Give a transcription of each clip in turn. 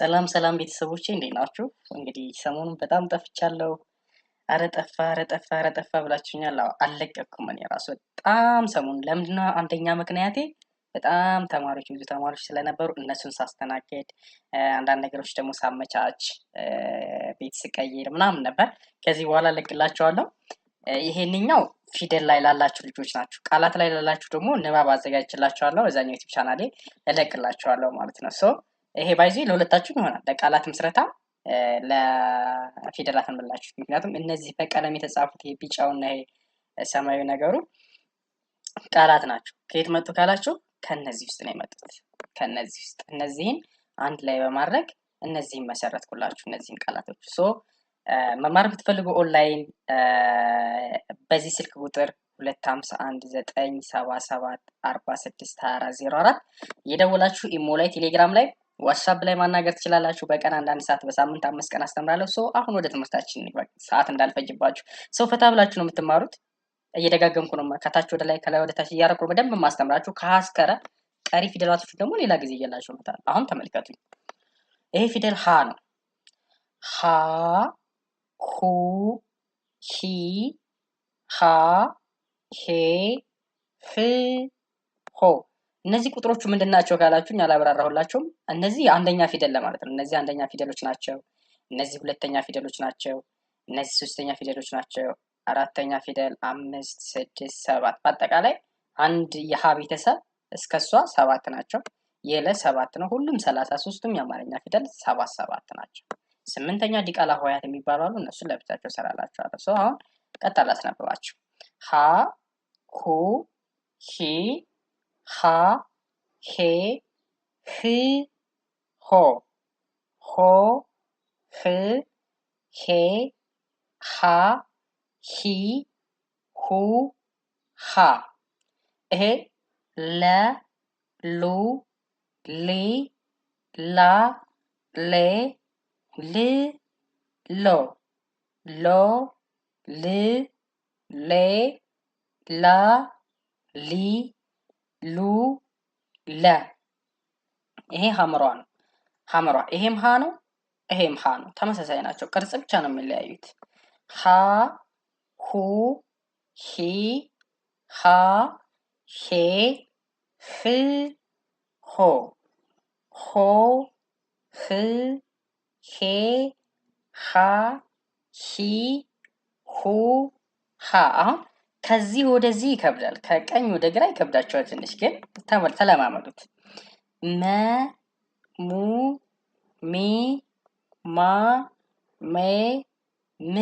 ሰላም ሰላም ቤተሰቦቼ እንዴት ናችሁ? እንግዲህ ሰሞኑን በጣም ጠፍቻለሁ። አረ ጠፋ፣ አረ ጠፋ፣ አረ ጠፋ ብላችሁኛል። አልለቀቅኩም። እኔ ራሱ በጣም ሰሞኑን ለምንድነው? አንደኛ ምክንያቴ በጣም ተማሪዎች ብዙ ተማሪዎች ስለነበሩ እነሱን ሳስተናገድ አንዳንድ ነገሮች ደግሞ ሳመቻች፣ ቤት ስቀይር ምናምን ነበር። ከዚህ በኋላ ለቅላቸዋለሁ። ይሄንኛው ፊደል ላይ ላላችሁ ልጆች ናችሁ። ቃላት ላይ ላላችሁ ደግሞ ንባብ አዘጋጅላችኋለሁ። እዛኛው ዩቲብ ቻናሌ እለቅላችኋለሁ ማለት ነው። ይሄ ባይዚ ለሁለታችሁ ይሆናል ለቃላት ምስረታ ለፊደላት እንበላችሁ። ምክንያቱም እነዚህ በቀለም የተጻፉት የቢጫውና ሰማያዊ ነገሩ ቃላት ናቸው። ከየት መጡ ካላችሁ ከነዚህ ውስጥ ነው የመጡት። ከነዚህ ውስጥ እነዚህን አንድ ላይ በማድረግ እነዚህን መሰረትኩላችሁ። እነዚህን ቃላቶች ሶ መማር ብትፈልጉ ኦንላይን በዚህ ስልክ ቁጥር ሁለት ሀምሳ አንድ ዘጠኝ ሰባ ሰባት አርባ ስድስት ሀያ አራት ዜሮ አራት እየደወላችሁ ኢሞ ላይ ቴሌግራም ላይ ዋትሳፕ ላይ ማናገር ትችላላችሁ። በቀን አንዳንድ ሰዓት በሳምንት አምስት ቀን አስተምራለሁ። ሰው አሁን ወደ ትምህርታችን ሰዓት እንዳልፈጅባችሁ ሰው ፈታ ብላችሁ ነው የምትማሩት። እየደጋገምኩ ነው ከታች ወደ ላይ ከላይ ወደ ታች እያደረኩ ነው በደንብ ማስተምራችሁ። ከሀስከረ ቀሪ ፊደላቶች ደግሞ ሌላ ጊዜ እያላችሁ መጣል። አሁን ተመልከቱ። ይሄ ፊደል ሀ ነው። ሀ ሁ ሂ ሀ ሄ ህ ሆ እነዚህ ቁጥሮቹ ምንድን ናቸው ካላችሁኝ አላብራራሁላችሁም። እነዚህ አንደኛ ፊደል ለማለት ነው። እነዚህ አንደኛ ፊደሎች ናቸው። እነዚህ ሁለተኛ ፊደሎች ናቸው። እነዚህ ሶስተኛ ፊደሎች ናቸው። አራተኛ ፊደል፣ አምስት፣ ስድስት፣ ሰባት በአጠቃላይ አንድ የሀ ቤተሰብ እስከ እሷ ሰባት ናቸው። የለ ሰባት ነው። ሁሉም ሰላሳ ሶስቱም የአማርኛ ፊደል ሰባት ሰባት ናቸው። ስምንተኛ ዲቃላ ሆሄያት የሚባሉ አሉ። እነሱን ለብቻቸው ሰራላቸዋለሁ። ሰው አሁን ቀጥታ ላስነብባቸው ሀ ሁ ሂ ሃ ሄ ህ ሆ ሆ ህ ሄ ሃ ሂ ሁ ሃ ይሄ ለ ሉ ሊ ላ ሌ ል ሎ ሎ ል ሌ ላ ሊ ሉ ለ ይሄ ሀምሯ ነው። ሀምሯ ይሄም ሀ ነው። ይሄም ሀ ነው። ተመሳሳይ ናቸው። ቅርጽ ብቻ ነው የሚለያዩት። ሀ ሁ ሂ ሃ ሄ ህ ሆ ሆ ህ ሄ ሃ ሂ ሁ ሃ አሁን ከዚህ ወደዚህ ይከብዳል፣ ከቀኝ ወደ ግራ ይከብዳቸዋል ትንሽ። ግን ተለማመዱት። መ ሙ ሚ ማ ሜ ም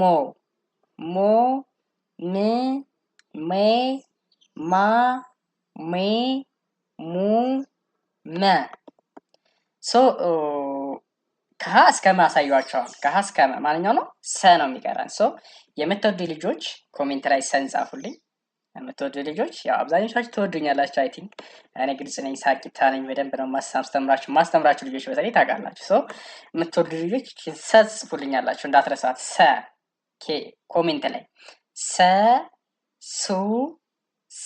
ሞ ሞ ም ሜ ማ ሜ ሙ መ ሶ ከሀ እስከ ማሳያቸዋል። ከሀ እስከ ማንኛው ነው? ሰ ነው የሚቀረን። ሶ የምትወዱ ልጆች ኮሜንት ላይ ሰን ጻፉልኝ። የምትወዱ ልጆች ያው አብዛኞቻችሁ ትወዱኛላችሁ። አይ ቲንክ እኔ ግልጽ ነኝ፣ ሳቂታ ነኝ። በደንብ ነው ማስተምራችሁ ማስተምራችሁ ልጆች በተለይ ታውቃላችሁ። ሶ የምትወዱ ልጆች ሰ ጽፉልኛላችሁ እንዳትረሳት። ሰ ኬ ኮሜንት ላይ ሰ ሱ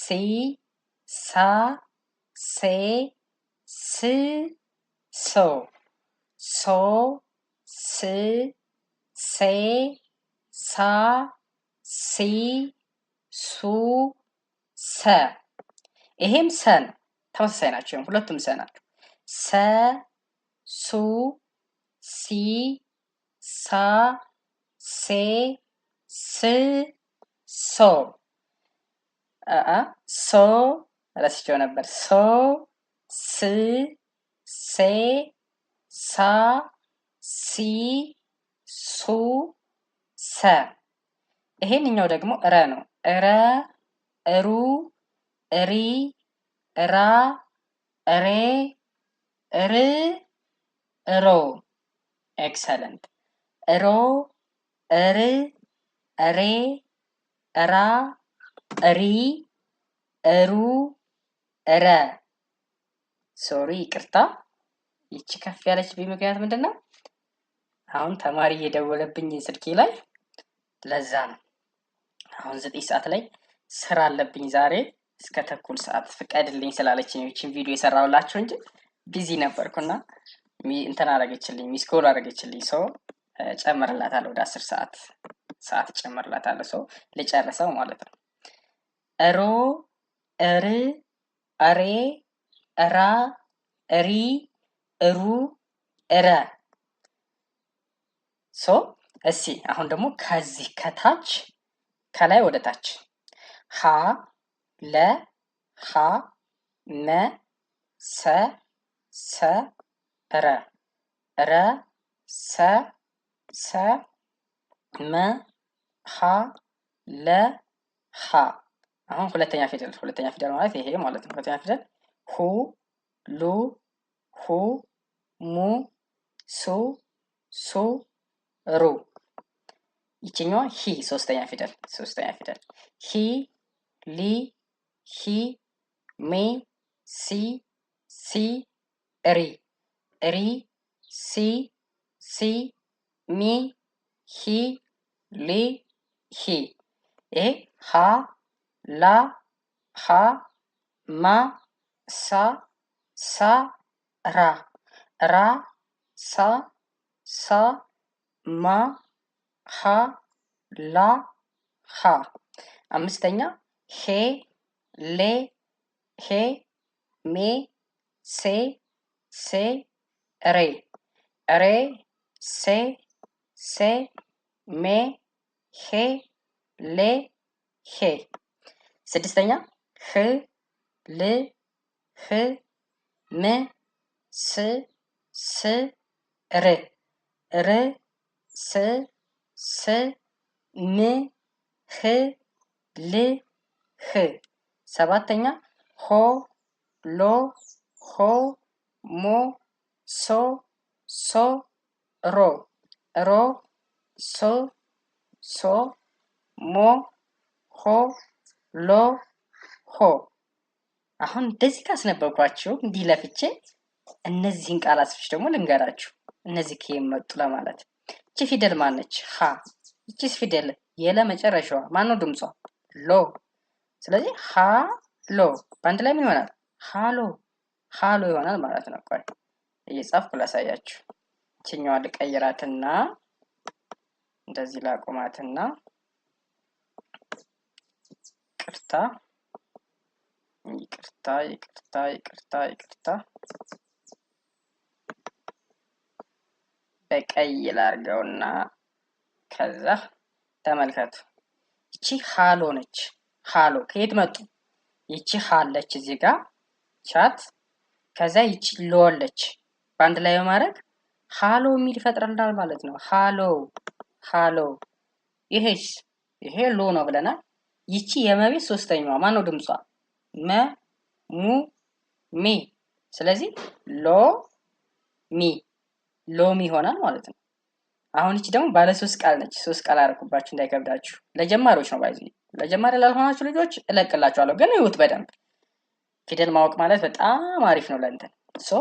ሲ ሳ ሴ ስ ሶ ሶ ስ ሴ ሳ ሲ ሱ ሰ ይሄም ሰ ነው። ተመሳሳይ ናቸው። ሁለቱም ሰ ናቸው። ሰ ሱ ሲ ሳ ሴ ስ ሶ ሶ ረስቸው ነበር። ሶ ስ ሴ ሳ ሲ ሱ ሰ። ይሄንኛው ደግሞ እረ ነው። እረ እሩ እሪ እራ እሬ እር እሮ። ኤክሰለንት። እሮ እር እሬ እራ እሪ እሩ እረ። ሶሪ ይቅርታ። ይቺ ከፍ ያለችብኝ ምክንያት ምንድን ነው? አሁን ተማሪ እየደወለብኝ ስልኬ ላይ ለዛ ነው። አሁን ዘጠኝ ሰዓት ላይ ስራ አለብኝ ዛሬ እስከ ተኩል ሰዓት ፍቀድልኝ ስላለች ነው ይችን ቪዲዮ የሰራሁላችሁ እንጂ ቢዚ ነበርኩና እንትን አረገችልኝ፣ ሚስኮል አረገችልኝ። ሰው ጨምርላታለሁ፣ ወደ አስር ሰዓት ሰዓት ጨምርላታለሁ። ሰው ልጨርሰው ማለት ነው። እሮ እር እሬ እራ እሪ ሩ ረ ሶ እሲ አሁን ደግሞ ከዚህ ከታች ከላይ ወደ ታች ሀ ለ ሀ መ ሰ ሰ ረ ረ ሰ ሰ መ ሀ ለ ሀ አሁን ሁለተኛ ፊደል ሁለተኛ ፊደል ማለት ይሄ ማለት ነው። ሁለተኛ ፊደል ሁ ሉ ሁ ሙ ሱ ሱ ሩ ይችኛዋ ሂ ሶስተኛ ፊደል ሶስተኛ ፊደል ሂ ሊ ሂ ሚ ሲ ሲ ሪ ሪ ሲ ሲ ሚ ሂ ሊ ሂ ይሄ ሃ ላ ሃ ማ ሳ ሳ ራ ራ ሳ ሳ ማ ሀ ላ ሀ አምስተኛ ሄ ሌ ሄ ሜ ሴ ሴ ሬ ሬ ሴ ሴ ሜ ሄ ሌ ሄ ስድስተኛ ህ ል ህ ም ስ ስ ር ር ስ ስ ን ህ ል ህ ሰባተኛ ሆ ሎ ሆ ሞ ሶ ሶ ሮ ሮ ሶ ሶ ሞ ሆ ሎ ሆ አሁን እንደዚህ ካስነበብኳችሁ እንዲህ ለፍቼ እነዚህን ቃል አስፍች ደግሞ ልንገራችሁ። እነዚህ ከየት መጡ ለማለት እቺ ፊደል ማነች? ሀ። እቺስ ፊደል የለ መጨረሻዋ ማነው ድምጿ? ሎ። ስለዚህ ሀ ሎ በአንድ ላይ ምን ይሆናል? ሀሎ ሀሎ ይሆናል ማለት ነው። ቆይ እየጻፍኩ ላሳያችሁ። ችኛዋ ልቀይራትና እንደዚህ ላቁማትና ቅርታ ይቅርታ ይቅርታ ይቅርታ ይቅርታ በቀይ ላርገውና ከዛ ተመልከቱ። ይቺ ሃሎ ነች። ሃሎ ከየት መጡ? ይቺ ሃለች እዚህ ጋ ቻት፣ ከዛ ይቺ ሎለች። በአንድ ላይ በማድረግ ሃሎ የሚል ይፈጥረልናል ማለት ነው። ሃሎ ሃሎ። ይሄስ ይሄ ሎ ነው ብለናል። ይቺ የመቤት ሶስተኛዋ ማን ነው ድምጿ? መ ሙ ሚ። ስለዚህ ሎ ሚ ሎሚ ይሆናል ማለት ነው። አሁን እቺ ደግሞ ባለ ሶስት ቃል ነች። ሶስት ቃል አርኩባችሁ እንዳይከብዳችሁ። ለጀማሪዎች ነው ባይዚ ለጀማሪ ላልሆናችሁ ልጆች እለቅላችኋለሁ፣ ግን ይሁት በደንብ ፊደል ማወቅ ማለት በጣም አሪፍ ነው ለእንትን ሶ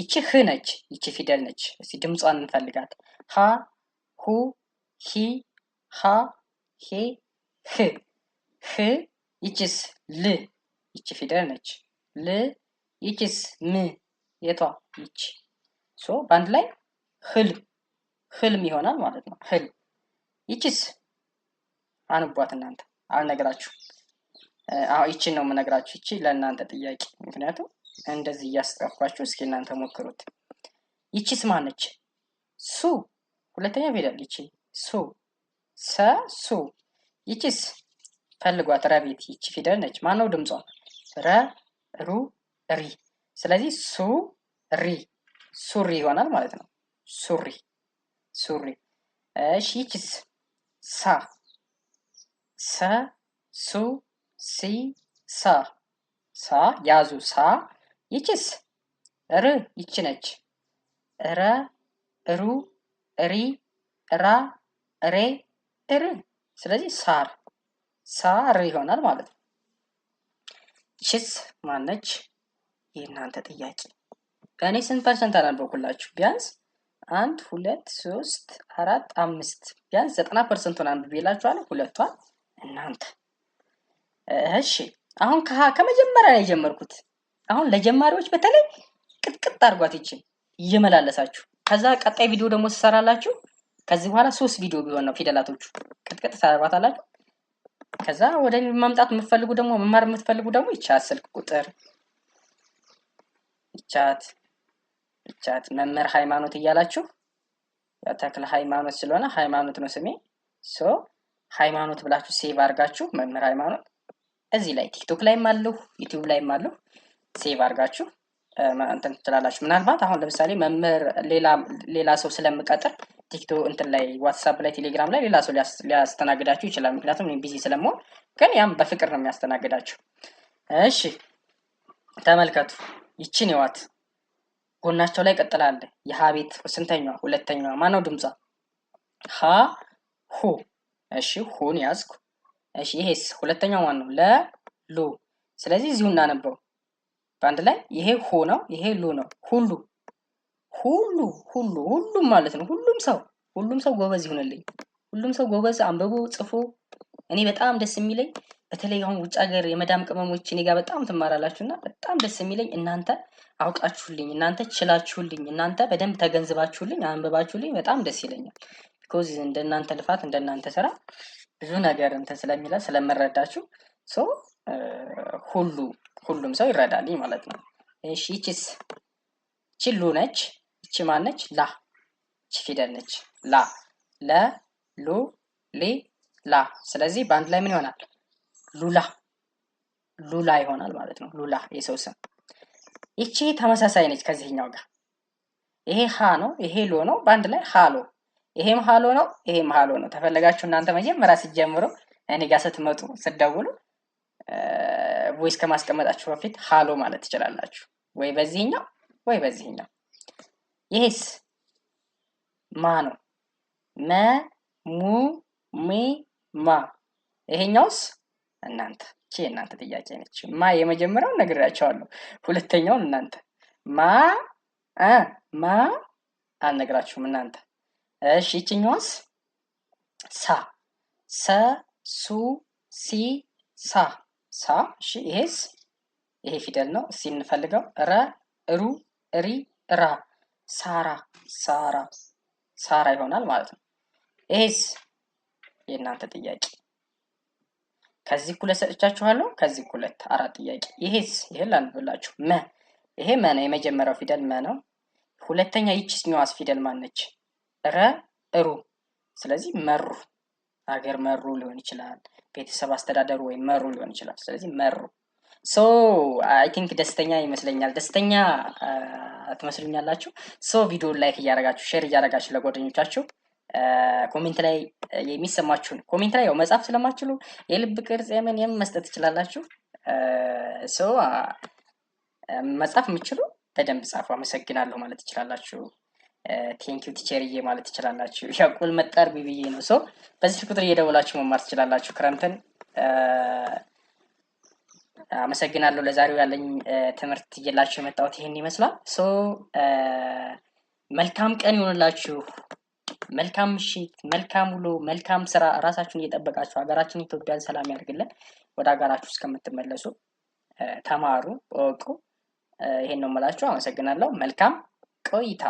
ይቺ ህ ነች። ይቺ ፊደል ነች። እስቲ ድምጿን እንፈልጋት። ሀ ሁ ሂ ሃ ሄ ህ ህ ይቺስ ል ይቺ ፊደል ነች። ል ይቺስ ም የቷ ይቺ ሶ በአንድ ላይ ህልም ህልም ይሆናል ማለት ነው። ህልም ይቺስ አንቧት እናንተ አልነግራችሁ አሁን ይቺን ነው የምነግራችሁ። ይቺ ለእናንተ ጥያቄ፣ ምክንያቱም እንደዚህ እያስጠፋችሁ እስኪ እናንተ ሞክሩት። ይቺስ ማነች? ሱ ሁለተኛ ፊደል ይቺ ሱ ሰ ሱ። ይቺስ ፈልጓት ረቤት። ይቺ ፊደል ነች። ማነው ድምጿ? ረ ሩ ሪ። ስለዚህ ሱ ሪ ሱሪ ይሆናል ማለት ነው። ሱሪ ሱሪ። እሺ ይቺስ ሳ ሰ ሱ ሲ ሳ ሳ ያዙ ሳ። ይቺስ ር ይች ነች። ረ ሩ ሪ ራ ሬ ር። ስለዚህ ሳር ሳር ይሆናል ማለት ነው። ይቺስ ማነች? የእናንተ ጥያቄ በእኔ ስንት ፐርሰንት አላንበኩላችሁ? ቢያንስ አንድ ሁለት ሶስት አራት አምስት ቢያንስ ዘጠና ፐርሰንቱን አንብቤላችኋለሁ። ሁለቷን እናንተ እሺ። አሁን ከመጀመሪያ ነው የጀመርኩት። አሁን ለጀማሪዎች በተለይ ቅጥቅጥ አርጓት ይችን እየመላለሳችሁ ከዛ ቀጣይ ቪዲዮ ደግሞ ትሰራላችሁ። ከዚህ በኋላ ሶስት ቪዲዮ ቢሆን ነው ፊደላቶቹ ቅጥቅጥ ታርጓታላችሁ። ከዛ ወደ መምጣት የምትፈልጉ ደግሞ መማር የምትፈልጉ ደግሞ ይቻት ስልክ ቁጥር ይቻት ብቻት መምህር ሃይማኖት እያላችሁ ተክለ ሃይማኖት ስለሆነ ሃይማኖት ነው ስሜ። ሶ ሃይማኖት ብላችሁ ሴቭ አድርጋችሁ መምህር ሃይማኖት እዚህ ላይ ቲክቶክ ላይም አለሁ ዩቲዩብ ላይም አለሁ። ሴቭ አድርጋችሁ እንትን ትችላላችሁ። ምናልባት አሁን ለምሳሌ መምህር ሌላ ሰው ስለምቀጥር ቲክቶክ እንትን ላይ ዋትሳፕ ላይ ቴሌግራም ላይ ሌላ ሰው ሊያስተናግዳችሁ ይችላል። ምክንያቱም ቢዚ ስለመሆን፣ ግን ያም በፍቅር ነው የሚያስተናግዳችሁ። እሺ ተመልከቱ ይችን ይዋት ጎናቸው ላይ ቀጥላለ የሀ ቤት ስንተኛዋ? ሁለተኛዋ። ማነው ድምጿ? ሀ ሁ። እሺ ሁን ያዝኩ። እሺ ይሄስ ሁለተኛው ማን ነው? ለ ሉ። ስለዚህ እዚሁ እናነበው በአንድ ላይ ይሄ ሁ ነው፣ ይሄ ሉ ነው። ሁሉ ሁሉ ሁሉ ሁሉም ማለት ነው። ሁሉም ሰው ሁሉም ሰው ጎበዝ ይሁንልኝ። ሁሉም ሰው ጎበዝ አንብቦ ጽፎ እኔ በጣም ደስ የሚለኝ በተለይ አሁን ውጭ ሀገር የመዳም ቅመሞች እኔ ጋር በጣም ትማራላችሁ እና በጣም ደስ የሚለኝ እናንተ አውቃችሁልኝ፣ እናንተ ችላችሁልኝ፣ እናንተ በደንብ ተገንዝባችሁልኝ፣ አንብባችሁልኝ በጣም ደስ ይለኛል። ቢኮዝ እንደናንተ ልፋት እንደናንተ ስራ ብዙ ነገር እንትን ስለሚለ ስለምረዳችሁ ሶ ሁሉ ሁሉም ሰው ይረዳልኝ ማለት ነው። እሺ ይቺስ ሉ ነች። ይቺ ነች? ላ ይቺ ፊደል ነች። ላ ለ ሉ ሊ ላ። ስለዚህ በአንድ ላይ ምን ይሆናል? ሉላ ሉላ ይሆናል ማለት ነው። ሉላ የሰው ስም። ይቺ ተመሳሳይ ነች ከዚህኛው ጋር። ይሄ ሀ ነው፣ ይሄ ሎ ነው። በአንድ ላይ ሀሎ። ይሄም ሀሎ ነው፣ ይሄም ሀሎ ነው። ተፈለጋችሁ እናንተ መጀመሪያ ስትጀምሩ እኔ ጋር ስትመጡ ስትደውሉ ቮይስ ከማስቀመጣችሁ በፊት ሀሎ ማለት ትችላላችሁ። ወይ በዚህኛው ወይ በዚህኛው። ይሄስ ማ ነው። መ፣ ሙ፣ ሚ፣ ማ። ይሄኛውስ እናንተ ይቺ የእናንተ ጥያቄ ነች። ማ የመጀመሪያውን ነግራቸዋለሁ። ሁለተኛውን እናንተ ማ ማ አልነግራችሁም እናንተ። እሺ ይችኛዋስ ሳ ሰ ሱ ሲ ሳ ሳ። እሺ ይሄስ ይሄ ፊደል ነው። እስቲ እንፈልገው። ረ ሩ ሪ ራ ሳራ ሳራ ሳራ ይሆናል ማለት ነው። ይሄስ የእናንተ ጥያቄ ከዚህ ሁለት ሰጥቻችኋለሁ። ከዚህ ኩለት አራት ጥያቄ። ይሄስ ይሄ አልብላችሁ መ ይሄ መ ነው። የመጀመሪያው ፊደል መ ነው። ሁለተኛ ይችኛዋስ ፊደል ማነች? ረ እሩ። ስለዚህ መሩ ሀገር መሩ ሊሆን ይችላል። ቤተሰብ አስተዳደሩ ወይም መሩ ሊሆን ይችላል። ስለዚህ መሩ። ሶ አይ ቲንክ ደስተኛ ይመስለኛል። ደስተኛ ትመስሉኛላችሁ። ሶ ቪዲዮን ላይክ እያደረጋችሁ ሼር እያደረጋችሁ ለጓደኞቻችሁ ኮሜንት eh, ላይ eh, የሚሰማችሁን ኮሜንት ላይ ያው መጻፍ ስለማችሉ የልብ ቅርጽ የምን የምን መስጠት ትችላላችሁ። ሰው eh, ah, መጻፍ የምችሉ በደንብ ጻፉ። አመሰግናለሁ ማለት ትችላላችሁ። ቴንኪዩ ቲቸርዬ ማለት ትችላላችሁ። ያው ቁልምጥ አድርጉ ብዬ ነው። ሰው በዚህ ቁጥር እየደወላችሁ መማር ትችላላችሁ። ክረምትን አመሰግናለሁ። ለዛሬው ያለኝ ትምህርት እየላችሁ የመጣሁት ይህን ይመስላል። መልካም ቀን ይሆንላችሁ። መልካም ምሽት፣ መልካም ውሎ፣ መልካም ስራ። ራሳችሁን እየጠበቃችሁ ሀገራችን ኢትዮጵያን ሰላም ያድርግልን። ወደ ሀገራችሁ እስከምትመለሱ ተማሩ፣ እወቁ። ይሄን ነው የምላችሁ። አመሰግናለሁ። መልካም ቆይታ